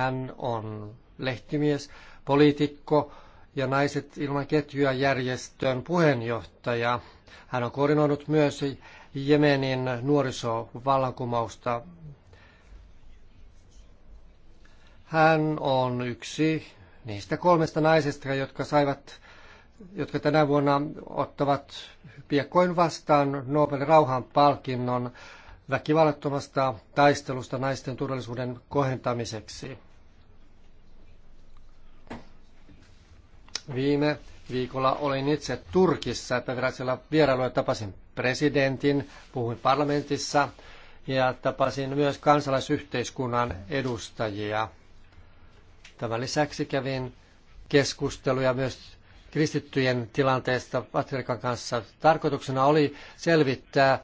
Hän on lehtimies, poliitikko ja Naiset ilman ketjuja järjestön puheenjohtaja. Hän on koordinoinut myös Jemenin nuorisovallankumousta. Hän on yksi niistä kolmesta naisesta, jotka saivat jotka tänä vuonna ottavat piakkoin vastaan Nobelin rauhanpalkinnon väkivallattomasta taistelusta naisten turvallisuuden kohentamiseksi. Viime viikolla olin itse Turkissa että vierailu ja tapasin presidentin, puhuin parlamentissa ja tapasin myös kansalaisyhteiskunnan edustajia. Tämän lisäksi kävin keskusteluja myös kristittyjen tilanteesta Patrikan kanssa. Tarkoituksena oli selvittää,